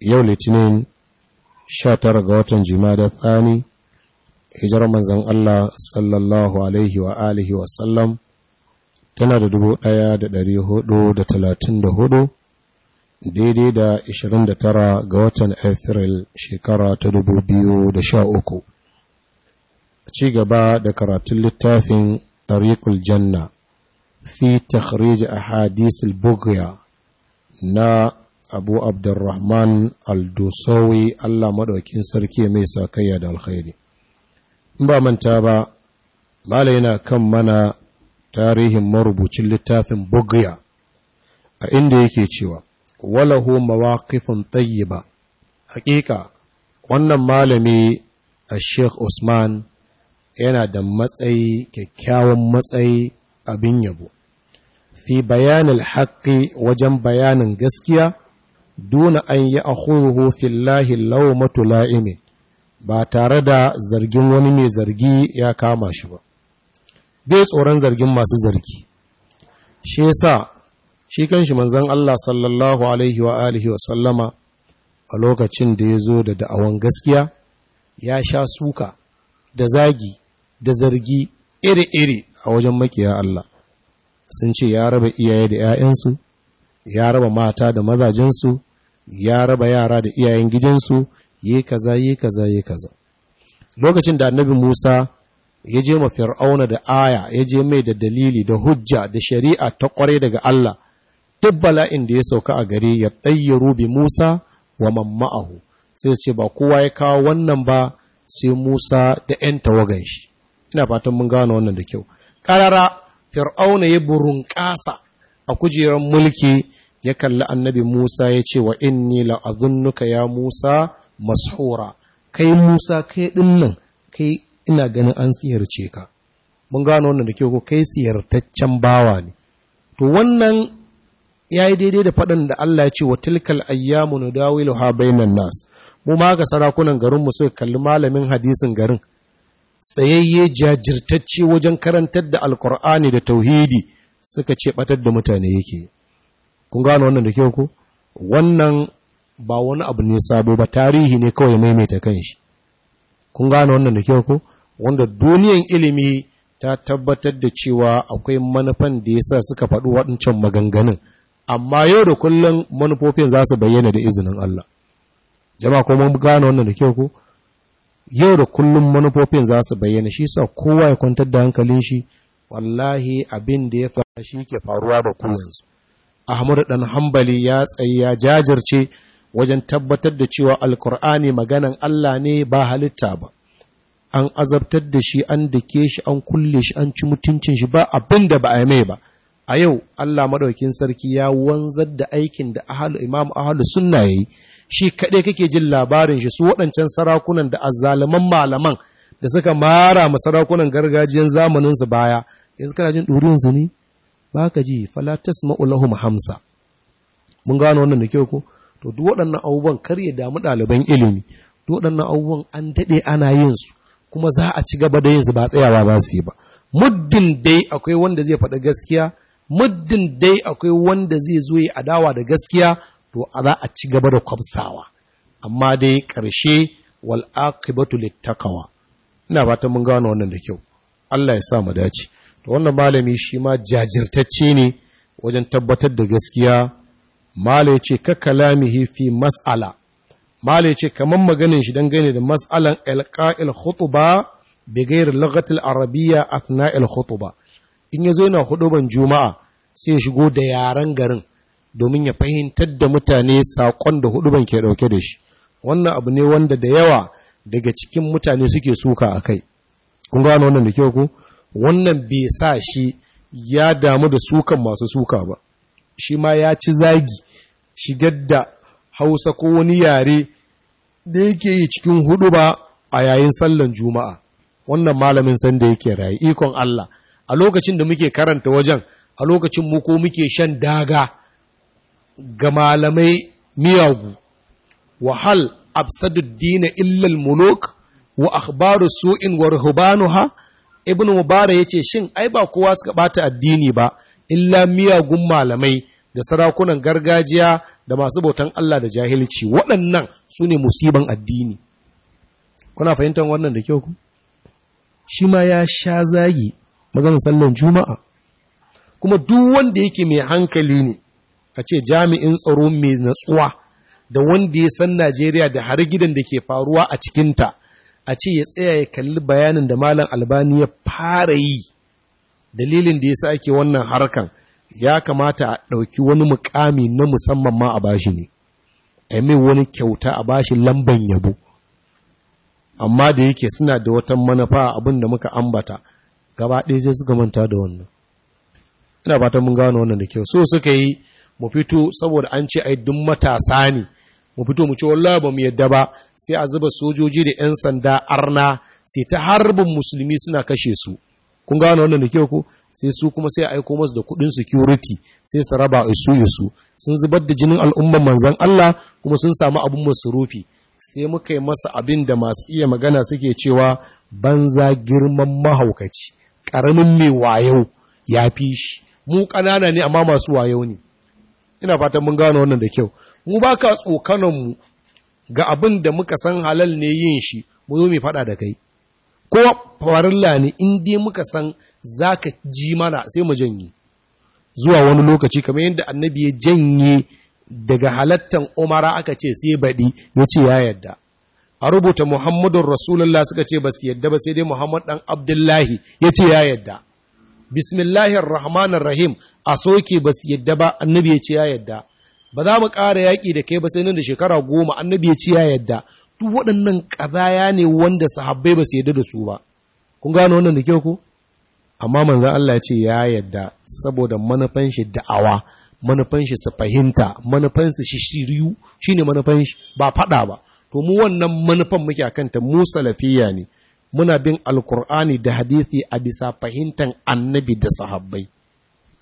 yau litinin 19 ga watan da tsani hijar manzan Allah sallallahu alaihi wa alihi wa sallam tana da talatin da hudu daidai da 29 ga watan afiril shekara ta dubu biyu da sha uku ci gaba da karatun littafin tariqul janna fi takhrij ahadith al-bughya na abu abdurrahman al-dusawi allah maɗaukin sarki mai sakayya da alkhairi in ba manta ba mala yana kan mana tarihin marubucin littafin bugya a inda yake cewa walahu mawaqifun tayyiba Haƙiƙa, wannan malami a sheikh usman yana da matsayi kyakkyawan matsayi abin yabo fi bayanin haƙƙi wajen bayanin gaskiya duna an yi a fillahi lawmatu la'imin ba tare da zargin wani mai zargi ya kama shi ba bai tsoron zargin masu zargi shi sa, shi kanshi manzon Allah sallallahu alaihi wa alihi wa sallama a lokacin da ya zo da da'awan gaskiya ya sha suka da zagi da zargi iri-iri a wajen makiya Allah sun ce ya raba iyaye da 'ya'yansu ya raba mata da mazajensu ya raba yara da iyayen gidansu yi kaza yi kaza yi kaza lokacin da annabi Musa ya je ma fir'auna da aya ya je mai da dalili da hujja da shari'a ta kware daga Allah duk bala'in da ya sauka a gare ya tsayyaru bi Musa wa mamma'ahu sai su ce ba kowa ya kawo wannan ba sai Musa da 'yan tawagan shi ina fatan mun gano wannan da kyau karara fir'auna ya burunƙasa a kujerar mulki ya kalli annabi Musa ya ce wa inni la'azunnuka ya Musa mashura kai Musa kai ɗinnan kai ina ganin an siyarce ka mun gano wannan da ke ko kai siyartaccen bawa ne to wannan yayi daidai da faɗin da Allah ya ce wa tilkal ayyamu nudawiluha bainan nas mu ma ga sarakunan garin mu suka kalli malamin hadisin garin tsayayye jajirtacce wajen karantar da alkur'ani da tauhidi suka ce batar da mutane yake kun gano wannan da kyau ku wannan ba wani abu ne sabo ba tarihi ne kawai maimaita kanshi kun gano wannan da kyau ku wanda duniyan ilimi ta tabbatar da cewa akwai manufan da ya sa suka faɗi waɗancan maganganun amma yau da kullum manufofin za su bayyana da izinin Allah jama'a ko mun gano wannan da kyau ku yau da kullum manufofin za su bayyana shi sa kowa ya kwantar da hankalin shi wallahi abin da ya fara shi ke faruwa da ku ahmadu ɗan hambali ya tsaye ya jajirce wajen tabbatar da cewa alkur'ani maganan Allah ne ba halitta ba an azabtar da shi an dake shi an kulle shi an ci mutuncin shi ba abin da ba a mai ba a yau Allah madaukin sarki ya wanzar da aikin da ahalu imam ahalu sunna yi shi kaɗai kake jin labarin shi su waɗancan sarakunan da azzaluman malaman da suka mara ma sarakunan gargajiyar zamaninsu baya yanzu kana jin ɗurin ne ba ka ji Falatas ma'ulahu hamsa mun gano wannan da kyau ko to duk waɗannan abubuwan kar ya damu ɗaliban ilimi duk waɗannan abubuwan an daɗe ana yin su kuma za a ci gaba da yin su ba tsayawa za su yi ba muddin dai akwai wanda zai faɗa gaskiya muddin dai akwai wanda zai zo ya adawa da gaskiya to a za a ci gaba da kwabsawa amma dai ƙarshe wal aqibatu littakawa. ina fatan mun gano wannan da kyau Allah ya sa mu dace to wannan malami shi ma jajirtacce ne wajen tabbatar da gaskiya malai ce ka kalamihi fi mas'ala malai ce kamar maganin shi gani da mas'alan alqa'il khutuba bi ghairi lughati al-arabiyya athna al-khutuba in yazo yana ban juma'a sai ya shigo da yaren garin domin ya fahimtar da mutane saƙon da huduban ke dauke da shi wannan abu ne wanda da yawa daga cikin mutane suke suka akai kun gano wannan da kyau ku wannan bai sa shi ya damu da sukan masu suka ba shi ma ya ci zagi shigar da hausa ko wani yare da yake yi cikin hudu ba a yayin sallan juma'a wannan malamin sanda yake rayu ikon Allah a lokacin da muke karanta wajen a lokacin mu ko muke shan daga ga malamai miyagu wahal dina illal muluk wa akhbaru su'in wa ruhbanuha ibn mubara ya ce shin ai ba kowa suka bata addini ba illa miyagun malamai da sarakunan gargajiya da masu bautan Allah da jahilci waɗannan su ne musiban addini kuna fahimtar wannan da kyau ku shi ma ya sha zagi maganar sallan juma'a kuma duk wanda yake mai hankali ne a ce jami'in tsaro mai natsuwa da wanda ya san Najeriya da har gidan da ke faruwa a cikinta a ce ya tsaya ya kalli bayanin da malam albani ya fara yi dalilin da ya sa ake wannan harkan ya kamata a ɗauki wani mukami na musamman ma a bashi ne a mai wani kyauta a bashi lamban yabo amma da yake suna da wata manafa abin da muka ambata gaba ɗaya sai suka manta da wannan ina fatan mun gano wannan da kyau so suka yi mu fito saboda an ce ai duk matasa ne mu fito mu ce wallahi ba mu yadda ba sai a zuba sojoji da ƴan sanda arna sai ta harbin musulmi suna kashe su kun gano wannan da kyau ko sai su kuma sai aiko masu da kudin security sai su raba isu su sun zubar da jinin al'umman manzon Allah kuma sun samu abun masurufi sai muka yi masa abin da masu iya magana suke cewa banza girman mahaukaci karamin mai wayo ya fi shi mu ƙanana ne amma masu wayo ne ina fatan mun gano wannan da kyau mu ba ka tsokananmu ga abin da muka san halal ne yin shi mu zo mai faɗa da kai ko farilla ne in dai muka san za ka ji mana sai mu janye zuwa wani lokaci kamar yadda annabi ya janye daga halattan umara aka ce sai baɗi ya ce ya yadda a rubuta muhammadun rasulullah suka ce ba su yadda ba sai dai muhammad ɗan abdullahi ya ce ya yadda bismillahir rahim a soke ba su yadda ba annabi ya ce ya yadda ba za mu ƙara yaƙi da kai ba sai nan da shekara goma annabi ya ce ya yadda duk waɗannan ƙazaya ne wanda sahabbai ba su yadda da su ba kun gano wannan da kyau ko amma manzan Allah ya ce ya yadda saboda manufan da'awa manufan shi su fahimta manufan shi shiriyu shine manufan shi ba faɗa ba to mu wannan manufan muke akan ta mu salafiya ne muna bin alkur'ani da hadisi a bisa fahimtar annabi da sahabbai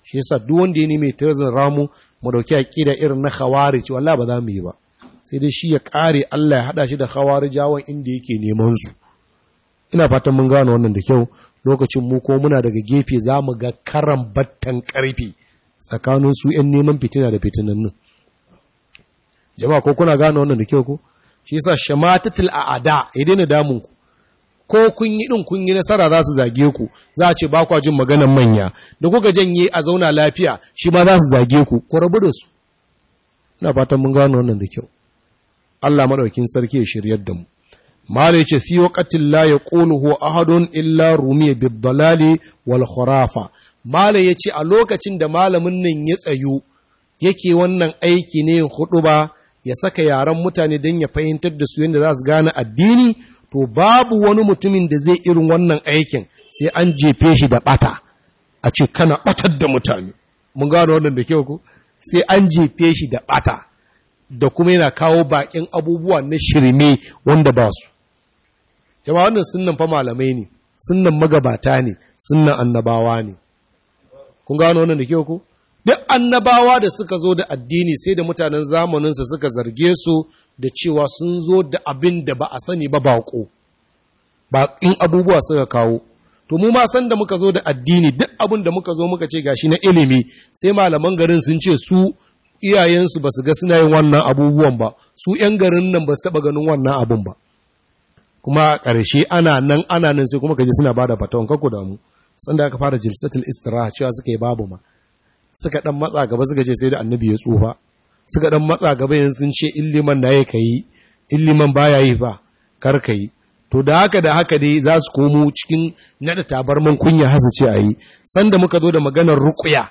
shi yasa duk wanda ya nemi tazin ramu mu dauki aqida irin na khawarij wallahi ba za mu yi ba sai dai shi ya kare Allah ya hada shi da khawarijawan inda yake neman su ina fatan mun gano wannan da kyau lokacin mu ko muna daga gefe za mu ga karan battan karfi tsakanin su yan neman fitina da fitinannin jama'a ko kuna gano wannan da kyau ko shi yasa shamatatul aada ya daina damun ku ko kun yi ɗin kun yi nasara za su zage ku za a ce ba kwa jin maganan manya da kuka janye a zauna lafiya shi ma za su zage ku ku rabu da su ina fatan mun gano wannan da kyau Allah madaukin sarki ya shiryar da mu mala yace fi waqatin la yaquluhu ahadun illa rumiya bid dalali wal khurafa mala yace a lokacin da malamin nan ya tsayo yake wannan aiki ne hudu ba ya saka yaran mutane don ya fahimtar da su yadda za su gane addini to babu wani mutumin da zai irin wannan aikin sai an jefe shi da bata a ce kana batar da mutane mun gano wannan da kyau ko sai an jefe shi da bata da kuma yana kawo bakin abubuwa na shirme wanda ba su jama wannan sunnan fa malamai ne sunnan magabata ne sunnan annabawa ne kun gano wannan da kyau ko duk annabawa da suka zo da addini sai da mutanen zamaninsa suka zarge su da cewa sun zo da abin da ba a sani ba bako ba in abubuwa suka kawo to mu ma san da muka zo da addini duk abin da muka zo muka ce gashi na ilimi sai malaman garin sun ce su iyayensu ba su ga suna yin wannan abubuwan ba su 'yan garin nan ba su taɓa ganin wannan abun ba kuma ƙarshe ana nan ana nan sai kuma kaje suna ku da mu san da aka fara jilsatul istiraha cewa suka yi babu ma suka dan matsa gaba suka ce sai da annabi ya tsufa suka dan matsa gaba yanzu sun ce illiman na ka yi illiman baya yi ba kar ka yi to da haka da haka dai za su komo cikin nada tabarman kunya hasa ce a yi sanda muka zo da maganar rukuya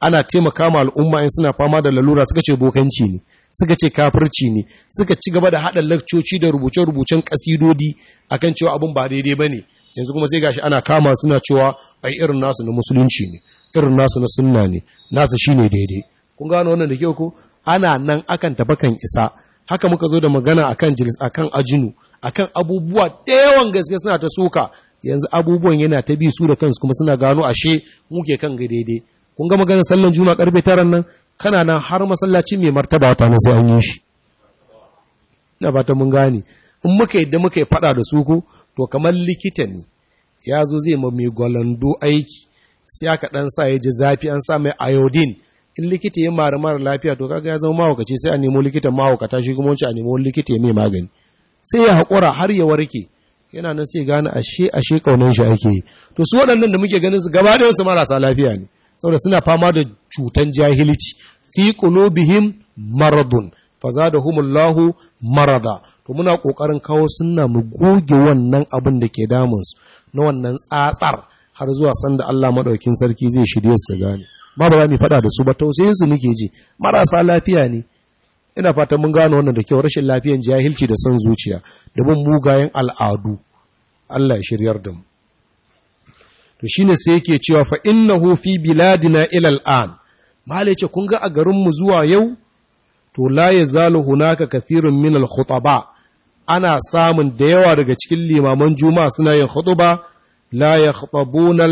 ana taimaka ma al'umma in suna fama da lalura suka ce bokanci ne suka ce kafirci ne suka ci gaba da haɗa lakcoci da rubuce-rubucen kasidodi akan cewa abin ba daidai ba ne yanzu kuma sai gashi ana kama suna cewa ai irin nasu na musulunci ne irin nasu na sunna ne nasu shine daidai kun gano wannan da kyau ko ana nan akan tafi kan isa haka muka zo da magana akan jilis akan ajinu akan abubuwa yawan gaske suna ta suka yanzu abubuwan yana ta bi su da kansu kuma suna gano ashe muke kan ga daidai kun ga maganar sallan juma'a karfe taran nan kana nan har masallaci mai martaba ta na sai an yi shi ina fata mun gane in muka yadda muka yi fada da su ko to kamar likita ne ya zo zai ma mai gwalando aiki sai aka dan sa ya ji zafi an sa mai iodine in likita ya mara mara lafiya to kaga ya zama mahaukaci sai a nemo likitan mahaukata shi kuma wancan a nemo likita ya mai magani sai ya haƙura har ya warke yana nan sai gane ashe ashe kaunan shi ake yi to su waɗannan da muke ganin su gaba ɗayan su marasa lafiya ne saboda suna fama da cutan jahilci fi qulubihim maradun fazadahumullahu marada to muna kokarin kawo sunna mu goge wannan abin da ke damun su na wannan tsatsar har zuwa sanda Allah maɗaukin sarki zai shirye su gane Ma ba za mu faɗa da su ba tausayin su muke ji marasa lafiya ne ina fata mun gano wannan da kyau rashin lafiyan jahilci da son zuciya da bin mugayen al'adu Allah ya shiryar da mu to shine sai yake cewa fa innahu fi biladina ila al'an mallai ce kun ga a garin mu zuwa yau to la yazalu hunaka kathirun min al-khutaba ana samun da yawa daga cikin limaman juma'a suna yin khutuba la yakhutabuna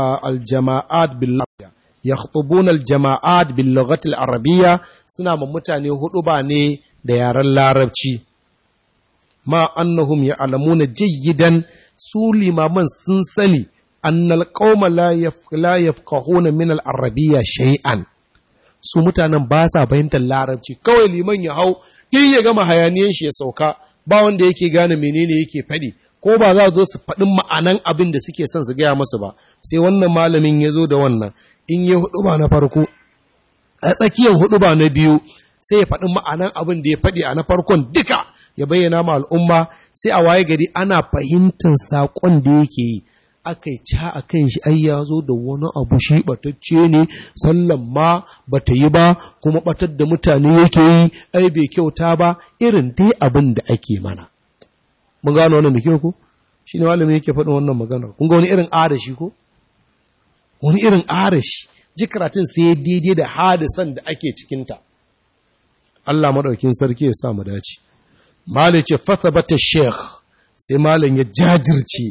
ah, al-jama'at lafiya yakhtubuna al-jama'at bil lughati suna ma mutane hudu ba ne da yaren larabci ma na ya'lamuna gidan su limaman sun sani annal qauma la la yafqahuna min al-arabiyya shay'an su mutanen ba sa fahimtar larabci kawai liman ya hau din ya gama hayaniyan shi ya sauka ba wanda yake gane menene yake faɗi ko ba za zo su faɗi ma'anan abin da suke son su gaya masu ba sai wannan malamin ya zo da wannan in yi hudu ba na farko a tsakiyar hudu ba na biyu sai ya faɗi ma'anan abin da ya faɗi a na farkon duka ya bayyana ma al'umma sai a waye gari ana fahimtar saƙon da yake yi aka yi ca a kan shi ai ya zo da wani abu shi batacce ne sallan ma ba ta yi ba kuma batar da mutane yake yi ai bai kyauta ba irin dai abin da ake mana mun gano wannan da kyau ko shi ne malami yake faɗin wannan maganar kun ga wani irin shi ko wani irin arashi ji karatun sai ya daidai da hadisan da ake cikinta Allah maɗaukin sarki ya sa mu dace malai ce bata sheikh sai malin ya jajirce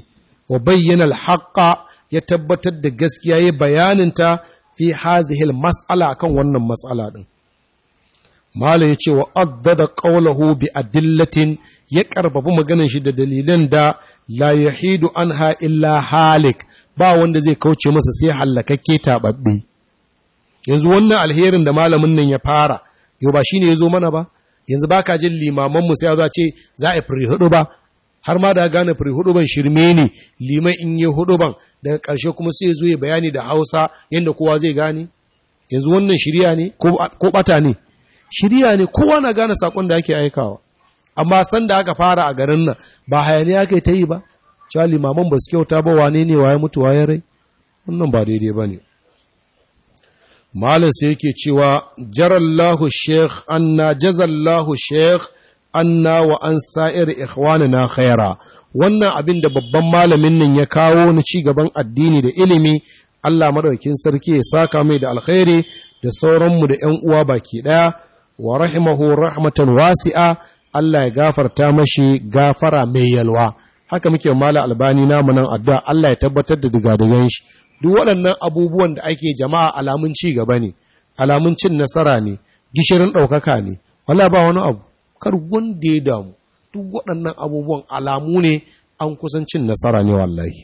wa bayyana alhaqa ya tabbatar da gaskiya ya bayaninta fi hazihil mas'ala kan wannan matsala. din mala ya ce wa addada qawluhu bi adillatin ya karbabu maganar shi da dalilan da la yahidu anha illa halik ba wanda zai kauce masa sai hallakakke tababbe yanzu wannan alherin da malamin nan ya fara yau ba shine yazo mana ba yanzu baka ka jin limamanmu sai a ce za a fure hudu ba har ma da gane fure hudu ban shirme ne liman in yi hudu ban daga karshe kuma sai zo ya bayani da hausa yanda kowa zai gane yanzu wannan shirya ne ko bata ne shirya ne kowa na gane sakon da ake aikawa amma san da aka fara a garin nan ba hayaniya aka ta yi ba cewa limaman ba su kyauta ba wa ne waye mutu waye rai wannan ba daidai ba ne malin sai yake cewa jarallahu sheikh anna jazallahu sheikh anna wa an sa'ir na khaira wannan abin da babban malamin nan ya kawo na ci gaban addini da ilimi Allah maɗaukin sarki ya saka mai da alkhairi da sauranmu da ‘yan uwa baki ɗaya, wa rahimahu rahmatan wasi'a, Allah ya gafarta mashi gafara mai yalwa. haka muke mala albani namu nan addu'a Allah ya tabbatar da digadigan shi duk waɗannan abubuwan da ake jama'a alamun ci gaba ne alamun cin nasara ne gishirin ɗaukaka ne wala ba wani abu kar wanda ya damu duk waɗannan abubuwan alamu ne an kusan cin nasara ne wallahi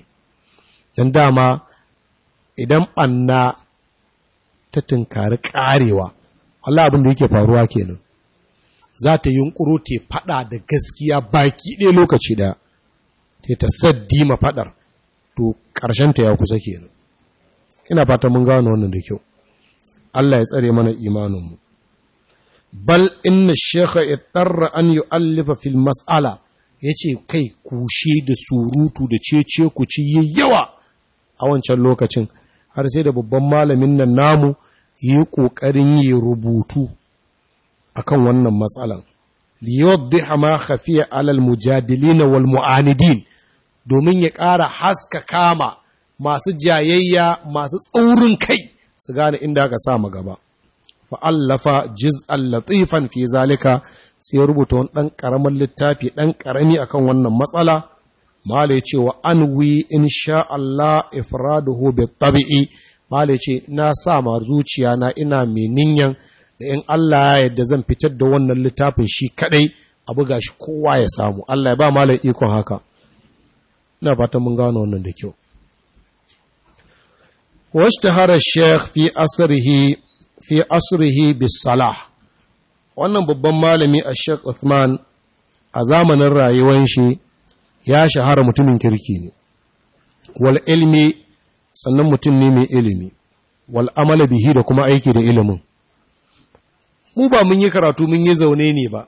dan dama idan anna ta tunkari karewa Allah abin da yake faruwa kenan za ta yunkuro te faɗa da gaskiya baki ɗaya lokaci ɗaya ta ta saddi ma fadar to ta ya kusa kenan ina fata mun gano wannan da kyau Allah ya tsare mana imaninmu bal inna shekha ittarra an yu'allifa fil mas'ala ce kai kushe da surutu da cece ku ci yi yawa a wancan lokacin har sai da babban malamin nan namu yi kokarin yi rubutu akan wannan matsalan liyuddiha ma khafiya alal mujadili wal mu'anidin domin ya ƙara haska kama masu jayayya masu tsaurin kai su gane inda aka sa mu gaba fa'allafa jiz'an latifan fi zalika sai rubuta wani ɗan ƙaramin littafi ɗan ƙarami akan wannan matsala malai ce wa an wi in sha Allah ifraduhu hobe tabi'i malai ce na sa ma zuciya na ina mai ninyan da in Allah ya yadda zan fitar da wannan littafin shi kaɗai a buga shi kowa ya samu Allah ya ba malai ikon haka ina fatan mun gano wannan da kyau washtahara sheikh fi asrihi fi asrihi bis salah wannan babban malami a sheikh Uthman a zamanin rayuwar shi ya shahara mutumin kirki ne wal ilmi sannan mutum ne mai ilimi wal amala bihi da kuma aiki da ilimin mu ba mun yi karatu mun yi zaune ne ba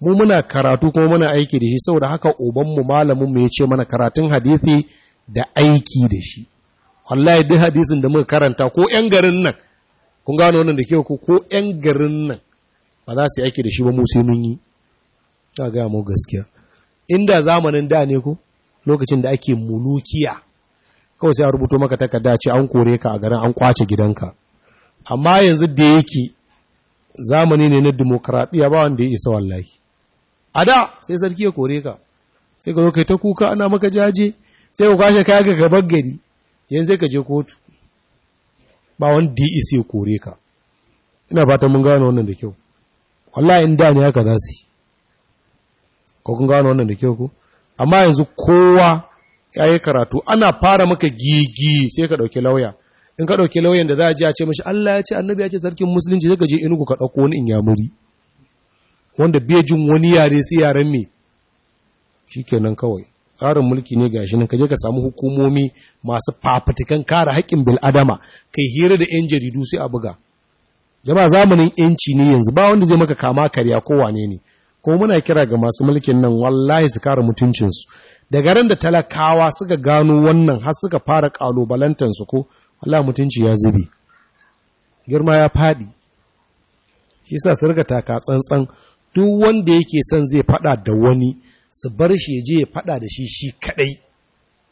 mu muna karatu kuma muna aiki da shi saboda haka ubanmu malaminmu ya ce mana karatun hadisi da aiki da shi wallahi duk hadisin da muka karanta ko ƴan garin nan kun gano wannan da kyau ko ƴan garin nan ba za su yi aiki da shi ba mu sai mun yi ta ga mu gaskiya inda zamanin da ne ko lokacin da ake mulukiya kawai sai a rubuto maka takarda ce an kore ka a garin an kwace gidanka amma yanzu da yake zamani ne na demokradiya ba wanda ya isa wallahi a da sai sarki ya kore ka sai ka zo kai ta kuka ana maka jaje sai ka kwashe kaya ga gaban gari yanzu sai ka je kotu ba wani ya ya kore ka ina fata mun gano wannan da kyau wallahi in da ne haka za su yi ko kun gano wannan da kyau ko amma yanzu kowa ya yi karatu ana fara maka gigi sai ka ɗauki lauya in ka ɗauki lauyan da za a ji a ce mashi Allah ya ce annabi ya ce sarkin musulunci zai ka je inugu ka ɗauko wani in muri. wanda bai jin wani yare sai yaren me shikenan kawai tsarin mulki ne gashi nan kaje ka samu hukumomi masu fafutukan kare haƙƙin bil'adama kai hira da yan jaridu sai a buga jama'a zamanin yanci ne yanzu ba wanda zai maka kama karya ko wane ne ko muna kira ga masu mulkin nan wallahi su kare mutuncinsu daga ran da talakawa suka gano wannan har suka fara su ko wallahi mutunci ya zube girma ya faɗi shi sa su rika taka tsantsan duk wanda yake son zai fada da wani su bar shi je ya fada da shi shi kadai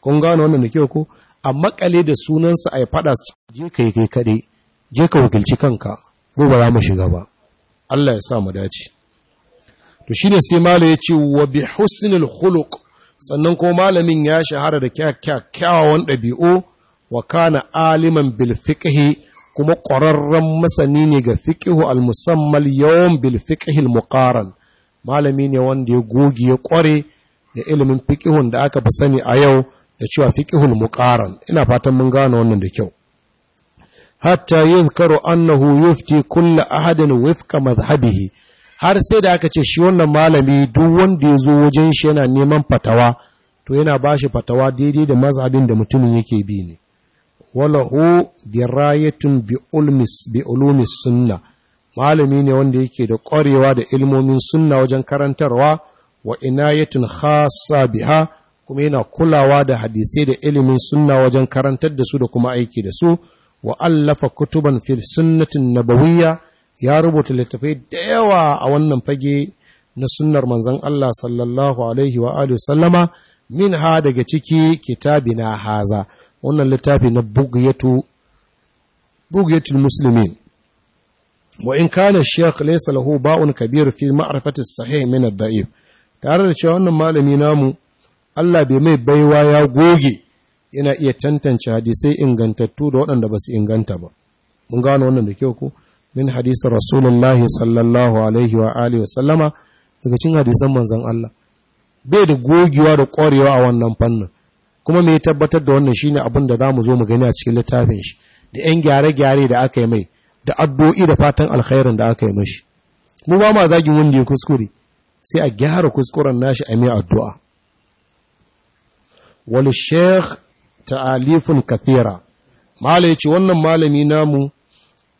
kun gano wannan da kyau ko a makale da sunansa a yi fada su je kai kai kadai je ka wakilci kanka mu ba za mu shiga ba Allah ya sa mu dace to shine sai mala ya ce wa bi husnil khuluq sannan ko malamin ya shahara da kyakkyawan ɗabi'u wa kana aliman bil fiqhi kuma ƙwararren masani ne ga fiƙihu al-musammal yawan bil fiƙihil muƙaran malami ne wanda ya goge ya ƙware da ilimin fiƙihun da aka fi sani a yau da cewa fiƙihul muƙaran ina fatan mun gane wannan da kyau hatta yin karo annahu yufti kulla ahadin wifka mazhabihi har sai da aka ce shi wannan malami duk wanda ya zo wajen shi yana neman fatawa to yana ba shi fatawa daidai da mazhabin da mutumin yake bi ne walahu dirayatun bi ulumi sunna malami ne wanda yake da ƙwarewa da ilmomin sunna wajen karantarwa wa inayatun khassa biha kuma yana kulawa da hadisai da ilimin sunna wajen karantar da su da kuma aiki da su wa allafa kutuban fil sunnatin nabawiyya ya rubuta littafai da yawa a wannan fage na sunnar manzon Allah sallallahu alaihi wa alihi sallama min ha daga ciki kitabina haza wannan littafi na bugiyatul muslimin wa in kana shaykh laysa lahu ba'un Kabiru fi ma'rifati sahih min ad-da'if tare da cewa wannan malami namu Allah bai mai baiwa ya goge yana iya tantance hadisai ingantattu da waɗanda ba su inganta ba mun gano wannan da kyau ko min hadisi rasulullahi sallallahu alaihi wa alihi wasallama daga cikin hadisan manzon Allah bai da gogewa da ƙwarewa a wannan fannin kuma me tabbatar da wannan shine abin da zamu zo mu gani a cikin littafin shi da yan gyare-gyare da aka yi mai da addu'o'i da fatan alkhairin da aka yi mashi mu ba ma zagin wanda ya kuskure sai a gyara kuskuren nashi a mai addu'a wal sheikh ta'alifun kathira malai ce wannan malami namu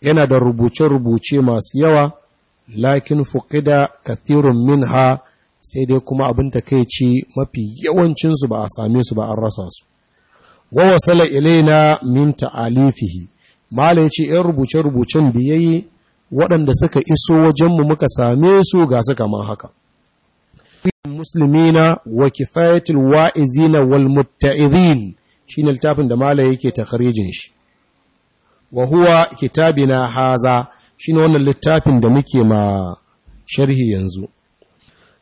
yana da rubuce-rubuce masu yawa lakin fuqida kathirun minha sai dai kuma abin ta kai ce mafi yawancinsu ba a same su ba an rasa su wa wasala ilaina min ta'alifihi mala yace yan rubuce rubucen da yayi waɗanda suka iso wajenmu muka same su ga su kamar haka muslimina wa kifayatul wa'izina wal mutta'idhin shine littafin da mala yake takharijin shi wa huwa kitabina haza shine wannan littafin da muke ma sharhi yanzu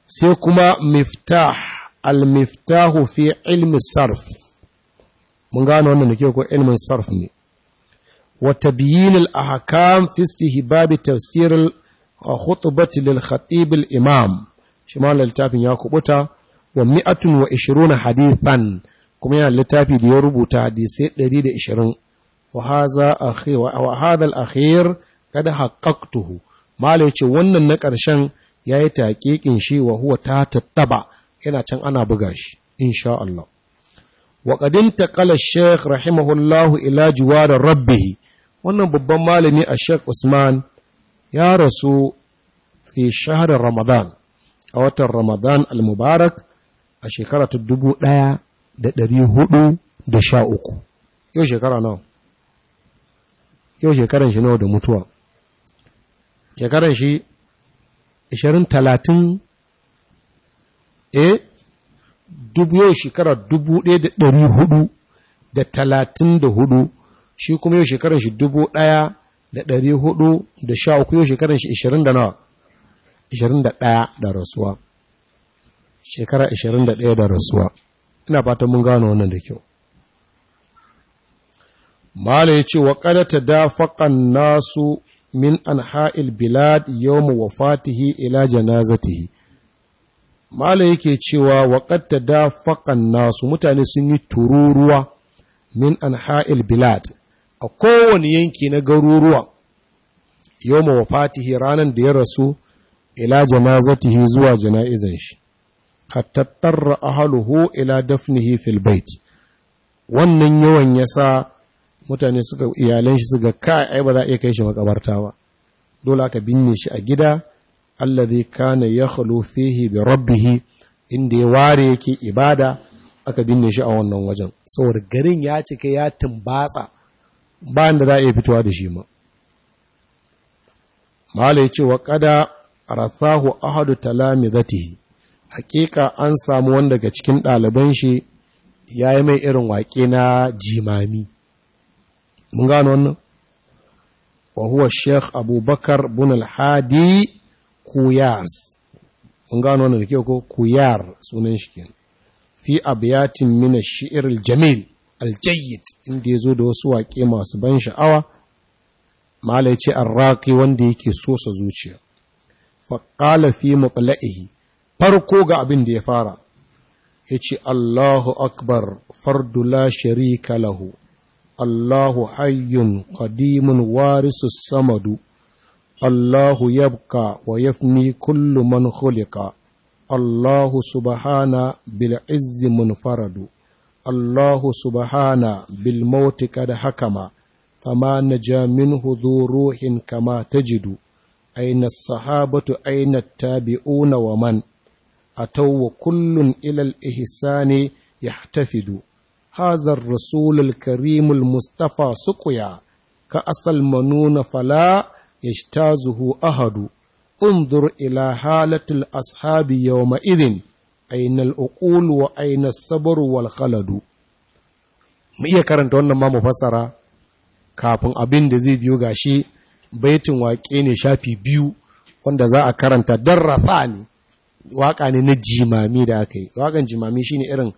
sai kuma miftah al-miftahu fi ilmi sarf mun gano wannan nake ko ilmin sarf ne wa tabyin al-ahkam fi istihbab tafsir al-khutbah lil khatib al-imam shi ma littafin ya kubuta wa mi'atun wa 20 hadithan kuma yana littafi da ya rubuta hadisai 120 wa hadha akhir wa hadha al-akhir kada haqqaqtuhu mala yace wannan na ƙarshen ya yi taƙiƙin shi wa huwa ta tattaba yana can ana buga shi insha Allah wa qadin taqala shaykh rahimahullahu ila da rabbih wannan babban malami a shaykh Usman ya rasu fi shahr Ramadan a watan Ramadan al-mubarak a shekara ta 1413 yau shekara nawa yau shekaran shi nawa da mutuwa shekaran shi ishirin talatin eh dubu yau shekara dubu ɗaya da ɗari hudu da talatin da hudu shi kuma yau shekarar shi dubu ɗaya da ɗari hudu da sha uku yau shekarar shi ishirin da nawa ishirin da ɗaya da rasuwa shekara ishirin da ɗaya da rasuwa ina fatan mun gano wannan da kyau Mala ya ce, ƙadata ta faƙan nasu min anha'il bilad yawma wafatihi ila janazatihi mala yake cewa waqad tadafaqan nasu mutane sun yi tururuwa min anha'il bilad a kowane yanki na garuruwa yawma wafatihi ranan da ya rasu ila janazatihi zuwa jana'izan shi hatta tarra ahluhu ila dafnihi fil bait wannan yawan yasa mutane suka iyalan shi suka ka, ai ba za a iya kai shi makabarta ba dole aka binne shi a gida allazi kana yakhlu fihi bi rabbih inda ya ware yake ibada aka binne shi a wannan wajen saboda garin ya cika ya tumbatsa bayan da za a iya fitowa da shi ma mala ya wa kada rasahu ahadu talamizatihi hakika an samu wanda daga cikin ɗaliban shi ya yi mai irin wake na jimami mun gano wannan wa huwa sheikh abubakar bin alhadi hadi mun gano wannan da ke ko kuyar sunan shi kenan fi abyatin min ash-shi'r al-jamil al-jayyid inda yazo da wasu waƙe masu ban sha'awa malai ce arraqi wanda yake so sosa zuciya qala fi muqla'ihi farko ga abin da ya fara ya ce Allahu akbar fardu la sharika lahu Allahu hayyun qadimun warisus samadu Allahu yabka wa yafni kullu man khuliqa Allahu subhana bil izzi munfaradu Allahu subhana bil mauti hakama فما نجا منه ذو روح كما تجد أين الصحابة أين التابعون ومن أتوا كل إلى الإحسان يحتفد hazar rasulul karimul mustafa suƙuya ka asal manuna fala yashtazuhu ahadu ila انظر إلى حالة irin, يومئذ wa aina وأين الصبر والخلد mu iya karanta wannan ma mu fassara kafin abin da zai biyo gashi baitin waƙe ne shafi biyu wanda za a karanta don rafa ne waƙa ne na jimami da aka yi waƙan jimami shine irin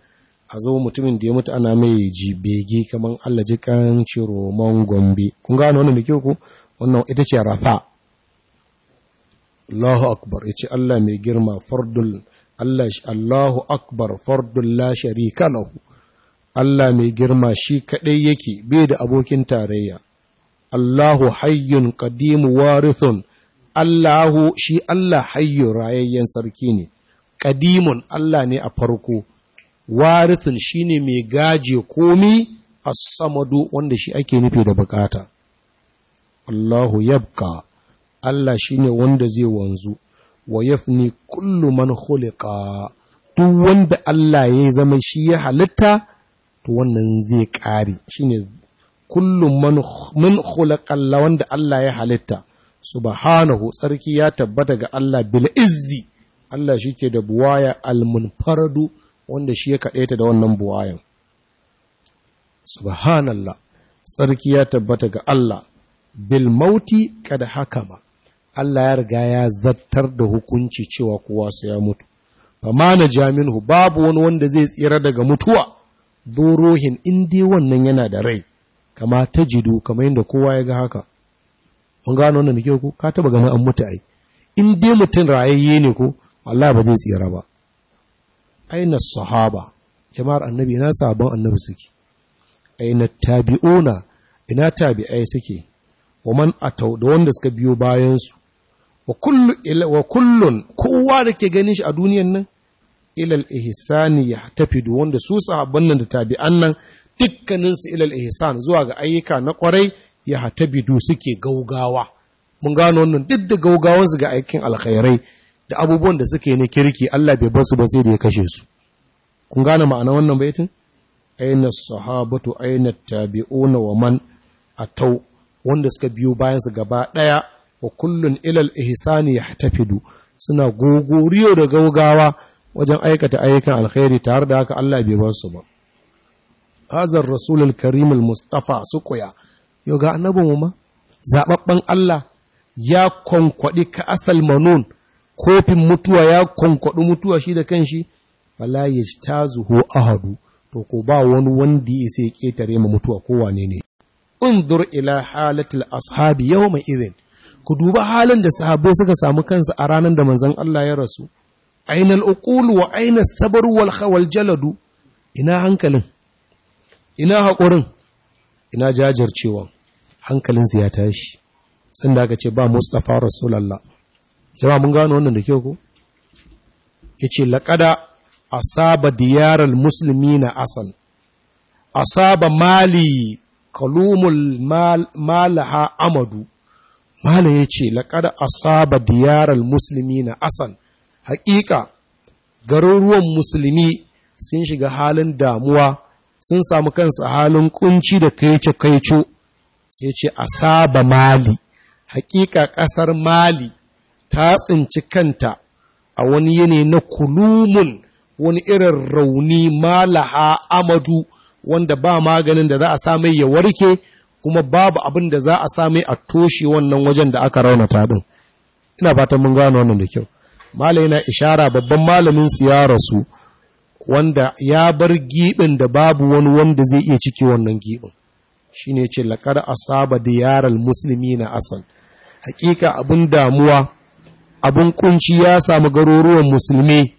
a zo mutumin da ya mutu ana mai bege kamar Allah ji kan ciroman gombe kun gano wannan da kyau ku wannan ita ce rafa Allahu akbar yace Allah mai girma fardul Allah Allahu akbar fardul la sharika lahu Allah mai girma shi kadai yake bai da abokin tarayya Allahu hayyun qadim warithun Allahu shi Allah hayyun rayayyen sarki ne qadimun Allah ne a farko shi shine mai gaje komi a samadu wanda shi ake nufi da bukata Allahu yabka Allah shine wanda zai wanzu wa yafni kullu man khuliqa duk wanda Allah ya zama shi ya halitta to wannan zai kare shine kullu man min wanda Allah ya halitta subhanahu tsarki ya tabbata ga Allah bil izzi Allah shike da buwaya al munfaradu wanda shi ya kaɗaita da wannan buwayan subhanallah tsarki ya tabbata ga Allah bil mauti kada hakama Allah ya riga ya zartar da hukunci cewa kowa sai ya mutu fama na jaminhu babu wani wanda zai tsira daga mutuwa dorohin indi wannan yana da rai kama ta jido kamar yadda kowa ya ga haka mun gano wannan da ku ka taba gama an mutu ai in dai mutum rayayye ne ko Allah ba zai tsira ba aina sahaba jama'ar annabi ina sabon annabi suke aina tabi'una ina tabi'ai suke wa man atau da wanda suka biyo bayan su wa kullu wa kullun kowa da ke ganin shi a duniyar nan ilal ihsani yahtafidu wanda su sahabban nan da tabi'an nan dukkanin su ilal ihsan zuwa ga ayyuka na kwarai yahtabidu suke gaugawa mun gano wannan duk da gaugawansu ga aikin alkhairai da abubuwan da suke ne kirki Allah bai basu ba sai da ya kashe su kun gane ma'ana wannan baitin aina sahabatu aina tabi'una wa man atau wanda suka biyo bayan su gaba daya wa kullun ilal ihsani yahtafidu suna gogoriyo da gaugawa wajen aikata ayyukan alkhairi tare da haka Allah bai basu ba hazar rasulul karim al-mustafa suqya yau ga ma zababban Allah ya kwankwaɗi ka asal manun kofin mutuwa ya kwankwaɗi mutuwa shi da kanshi fala yastazuhu ahadu to ko ba wani wanda ya sai ketare ma mutuwa ko wane ne undur ila halatul ashabi yawma idhin ku duba halin da sahabbai suka samu kansu a ranar da manzon Allah ya rasu ainal uqul wa aina sabr wal khawal jaladu ina hankalin ina haƙurin ina jajircewa Hankalin su ya tashi sun da aka ce ba Mustapha rasulullah Jama mun gano wannan da kyau ko yace laqada asaba diyaral muslimina asal asaba mali kalumul malaha amadu mala yace laqad asaba diyaral muslimina asal haƙiƙa garuruwan musulmi sun shiga halin damuwa sun samu kansu halin kunci da kaice kaico sai ce asaba mali haƙiƙa ƙasar mali ta tsinci kanta a wani yini na kulumun wani irin rauni malaha amadu wanda ba maganin da za a same ya warke kuma babu abin da za a same a toshe wannan wajen da aka raunata din ina fatan mun gano wannan da kyau malai na ishara babban malamin su ya rasu wanda ya bar giɓin da babu wani wanda zai iya ciki wannan giɓin shine ce laqad asaba Musulmi na asan hakika abin damuwa abin kunci ya samu garuruwan musulmi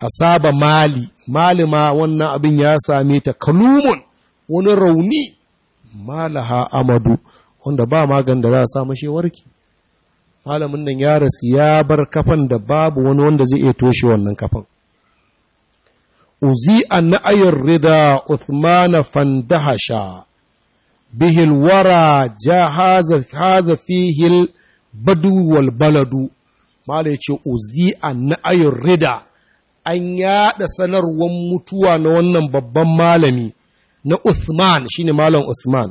a saba mali malima wannan abin ya sami ta kalumun wani rauni malaha amadu wanda ba magan da za a samu shewarki malamin nan ya rasu ya bar kafan da babu wani wanda zai iya toshe wannan kafan Uzi a na'ayar rida Uthmana fandahasha bihil wara jahaza hil badwal baladu mala ya ce uzi'a na ayin rida an yaɗa sanarwar mutuwa na wannan babban malami na usman shine malam Usman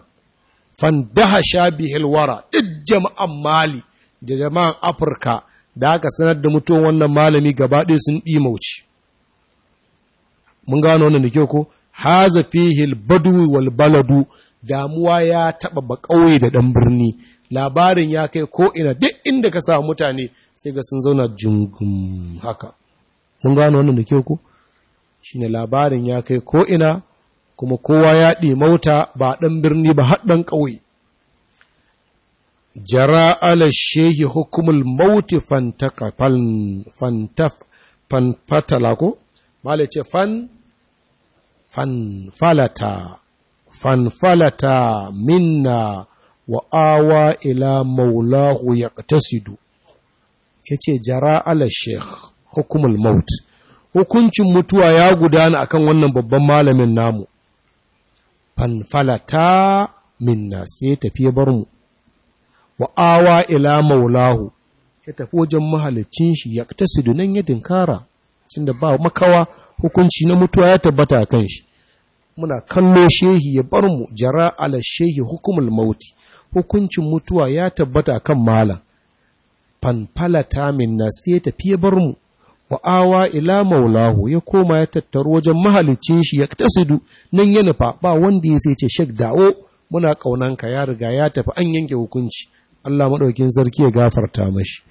fandaha sha bihil wara duk jama'an Mali da jama'an Afirka da aka sanar da mutuwan wannan malami gaba ɗaya sun ɗimauci mun gano wannan da kyau ko haza fihil badu wal baladu damuwa ya taɓa ba ƙauye da ɗan birni labarin ya kai ko ina duk inda ka samu mutane sai ga sun zauna jungum haka mun gano wannan da kyau ko shine labarin ya kai ko ina kuma kowa ya mauta ba ɗan birni ba haɗɗan ƙauye jara ala shehi hukumul mauti fantaka fantaf ko ce fan fanfalata fanfalata minna wa awa ila maulahu yaqtasidu ya ce jara ala sheikh hukumul maut hukuncin mutuwa ya gudana akan wannan babban malamin namu fanfalata minna sai ya tafi bar mu wa awa ila maulahu ya tafi wajen mahalicin shi ya tasidu nan ya dinkara tunda ba makawa hukunci na mutuwa ya tabbata kan shi muna kallo shehi ya bar mu jara ala shehi hukumul mauti hukuncin mutuwa ya tabbata kan malam fanfalata min na sai ya tafi ya bar mu wa awa ila maulahu ya koma ya tattaru wajen mahalicin shi ya tasidu nan ya nufa ba wanda ya sai ce shek dao muna ƙaunanka. ya riga ya tafi an yanke hukunci Allah maɗaukin sarki ya gafarta mashi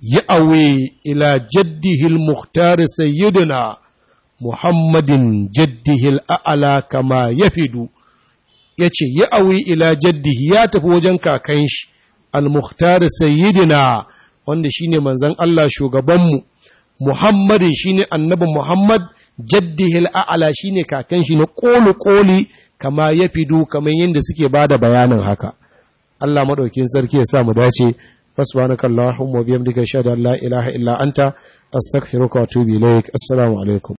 ya awe ila jaddihil muhtar sayyidina muhammadin jaddihil a'ala kama ya fidu ya ce ya awe ila jaddihi ya tafi wajen kakan shi al-muhtar sayyidina wanda shine manzon Allah shugabanmu Muhammadin shine annabi Muhammad jaddihil a'la shine kakan shi na koli koli kama yafidu kamar yadda suke bada bayanin haka Allah maɗaukin sarki ya sa mu dace subhanakallahumma wa bihamdika ashhadu an la ilaha illa anta astaghfiruka wa atubu alaikum